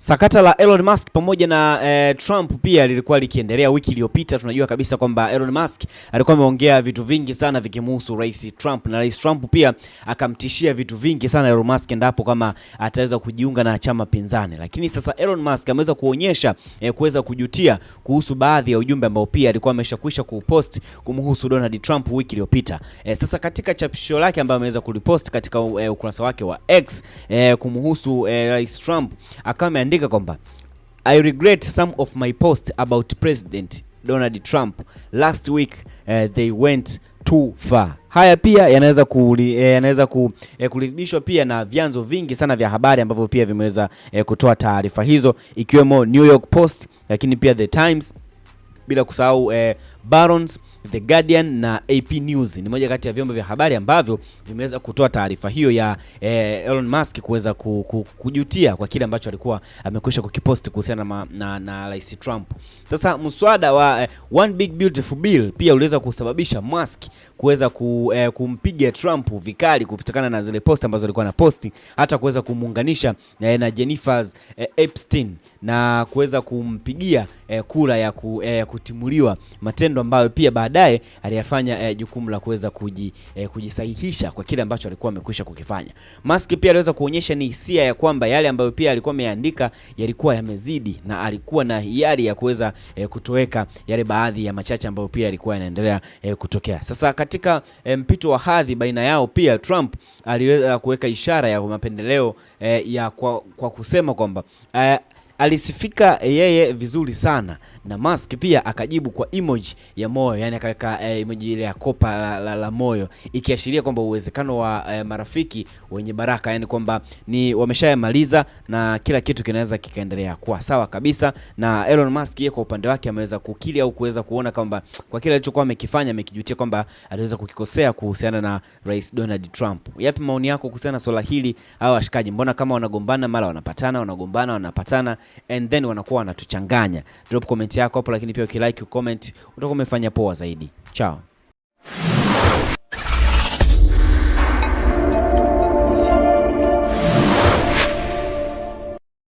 Sakata la Elon Musk pamoja na eh, Trump pia lilikuwa likiendelea wiki iliyopita. Tunajua kabisa kwamba Elon Musk alikuwa ameongea vitu vingi sana vikimhusu Rais Trump na Rais Trump pia akamtishia vitu vingi sana Elon Musk endapo kama ataweza kujiunga na chama pinzani. Lakini sasa Elon Musk ameweza kuonyesha eh, kuweza kujutia kuhusu baadhi ya ujumbe ambao pia alikuwa ameshakwisha kupost kumhusu Donald Trump wiki iliyopita. Eh, sasa katika chapisho lake ambayo ameweza kulipost katika eh, ukurasa wake wa X eh, kumhusu eh, Rais Trump akame ameandika kwamba I regret some of my post about President Donald Trump last week uh, they went too far. Haya pia yanaweza kuli, eh, yanaweza ku, eh, pia na vyanzo vingi sana vya habari ambavyo pia vimeweza eh, kutoa taarifa hizo ikiwemo New York Post, lakini pia The Times bila kusahau eh, Barons, The Guardian na AP News. Ni moja kati ya vyombo vya habari ambavyo vimeweza kutoa taarifa hiyo ya eh, Elon Musk kuweza ku, ku, kujutia kwa kile ambacho alikuwa amekwisha kukiposti kuhusiana na, na, na Rais Trump. Sasa mswada wa eh, One Big Beautiful Bill pia uliweza kusababisha Musk kuweza ku, eh, kumpiga Trump vikali kutokana na zile post ambazo alikuwa na posti, hata kuweza kumuunganisha eh, na Jennifer eh, Epstein na kuweza kumpigia eh, kura ya ku, eh, kutimuliwa matendo matendo ambayo pia baadaye aliyafanya eh, jukumu la kuweza kuji, eh, kujisahihisha kwa kile ambacho alikuwa amekwisha kukifanya. Maski pia aliweza kuonyesha ni hisia ya kwamba yale ambayo pia alikuwa ameandika yalikuwa yamezidi na alikuwa na hiari ya kuweza eh, kutoweka yale baadhi ya machache ambayo pia yalikuwa yanaendelea eh, kutokea. Sasa katika eh, mpito wa hadhi baina yao pia Trump aliweza kuweka ishara ya mapendeleo eh, ya kwa, kwa kusema kwamba eh, alisifika yeye vizuri sana na Musk pia akajibu kwa emoji ya moyo, yani akaweka eh, emoji ile ya kopa la, la, la moyo ikiashiria kwamba uwezekano wa eh, marafiki wenye baraka, yani kwamba ni wameshayamaliza na kila kitu kinaweza kikaendelea kuwa sawa kabisa. Na Elon Musk yeye kwa upande wake ameweza kukili au kuweza kuona kwamba kwa kile alichokuwa amekifanya amekijutia kwamba aliweza kukikosea kuhusiana na Rais Donald Trump. Yapi maoni yako kuhusiana na swala hili? au washikaji, mbona kama wanagombana mara wanapatana, wanagombana wanapatana and then wanakuwa wanatuchanganya. Drop comment yako hapo, lakini pia ukilike ucomment utakuwa umefanya poa zaidi. Chao.